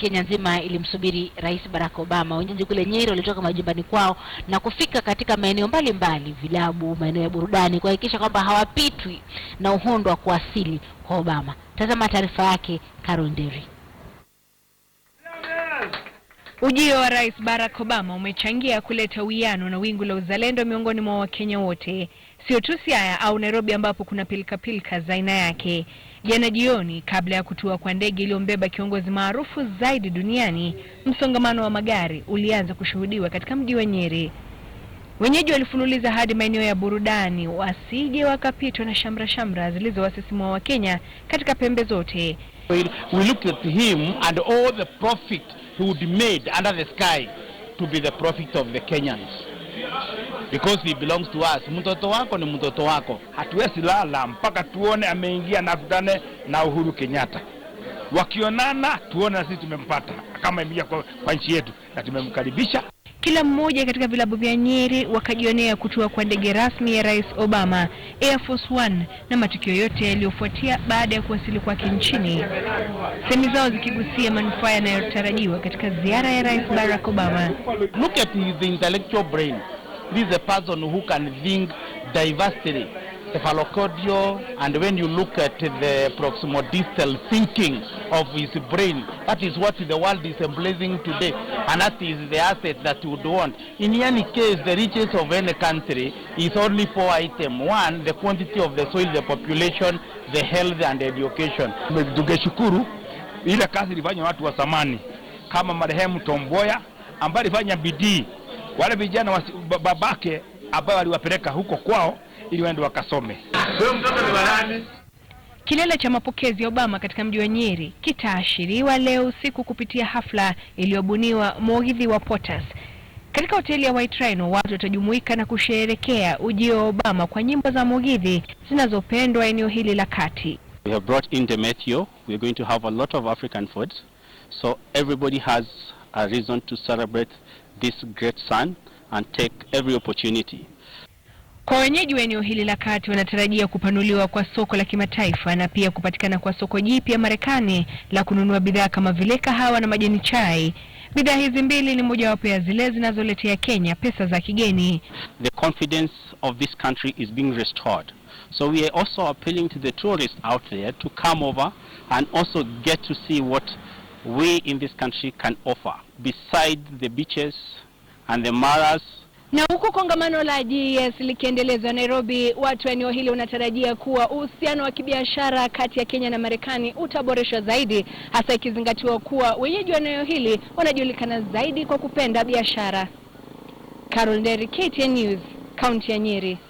Kenya nzima ilimsubiri Rais Barack Obama. Wenyeji kule Nyeri walitoka majumbani kwao na kufika katika maeneo mbalimbali, vilabu, maeneo ya burudani, kuhakikisha kwamba hawapitwi na uhondo wa kuwasili kwa Obama. Tazama taarifa yake Carol Nderi. Ujio wa Rais Barack Obama umechangia kuleta uwiano na wingu la uzalendo miongoni mwa Wakenya wote sio tu Siaya au Nairobi ambapo kuna pilikapilika za aina yake. Jana jioni, kabla ya kutua kwa ndege iliyombeba kiongozi maarufu zaidi duniani, msongamano wa magari ulianza kushuhudiwa katika mji wa Nyeri. Wenyeji walifululiza hadi maeneo ya burudani wasije wakapitwa na shamra shamra zilizowasisimua kenya katika pembe zote. We looked at him and all the profit he would made under the sky to be the profit of the Kenyans because he belongs to us. Mtoto wako ni mtoto wako, hatuwezi lala mpaka tuone ameingia na afutane na Uhuru Kenyatta. Wakionana tuone na sisi tumempata kama imeingia kwa, kwa nchi yetu na tumemkaribisha. Kila mmoja katika vilabu vya Nyeri wakajionea kutua kwa ndege rasmi ya Rais Obama, Air Force One, na matukio yote yaliyofuatia baada ya kuwasili kwake nchini, semi zao zikigusia manufaa yanayotarajiwa katika ziara ya Rais Barack Obama. Look at his intellectual brain. This is a person who can think diversity, cephalocodial, and when you look at the proximal distal thinking of his brain, that is what the world is embracing today, and that is the asset that you would want. In any case, the riches of any country is only four item One, the quantity of the soil, the population, the health and education. Tungeshukuru ile kazi ilifanywa watu wa zamani kama marehemu tomboya ambaye alifanya bidii wale vijana wasi, babake ambao waliwapeleka huko kwao ili waende wakasome. Kilele cha mapokezi ya Obama katika mji wa Nyeri kitaashiriwa leo usiku kupitia hafla iliyobuniwa Mogidhi wa Potas. Katika hoteli ya White Rhino watu watajumuika na kusherehekea ujio wa Obama kwa nyimbo za Mogidhi zinazopendwa eneo hili la kati. We have brought in Demetio. We are going to have a lot of African food. So everybody has a reason to celebrate this great sun and take every opportunity. Kwa wenyeji wa eneo hili la kati wanatarajia kupanuliwa kwa soko la kimataifa na pia kupatikana kwa soko jipya Marekani la kununua bidhaa kama vile kahawa na majani chai. Bidhaa hizi mbili ni mojawapo ya zile zinazoletea Kenya pesa za kigeni. The confidence of this country is being restored. So we are also appealing to the tourists out there to come over and also get to see what we in this country can offer beside the beaches and the maras. Na huku kongamano la GES likiendelezwa Nairobi, watu wa eneo hili wanatarajia kuwa uhusiano wa kibiashara kati ya Kenya na Marekani utaboreshwa zaidi, hasa ikizingatiwa kuwa wenyeji wa eneo hili wanajulikana zaidi kwa kupenda biashara. Carol Nderi, KTN News, kaunti ya Nyeri.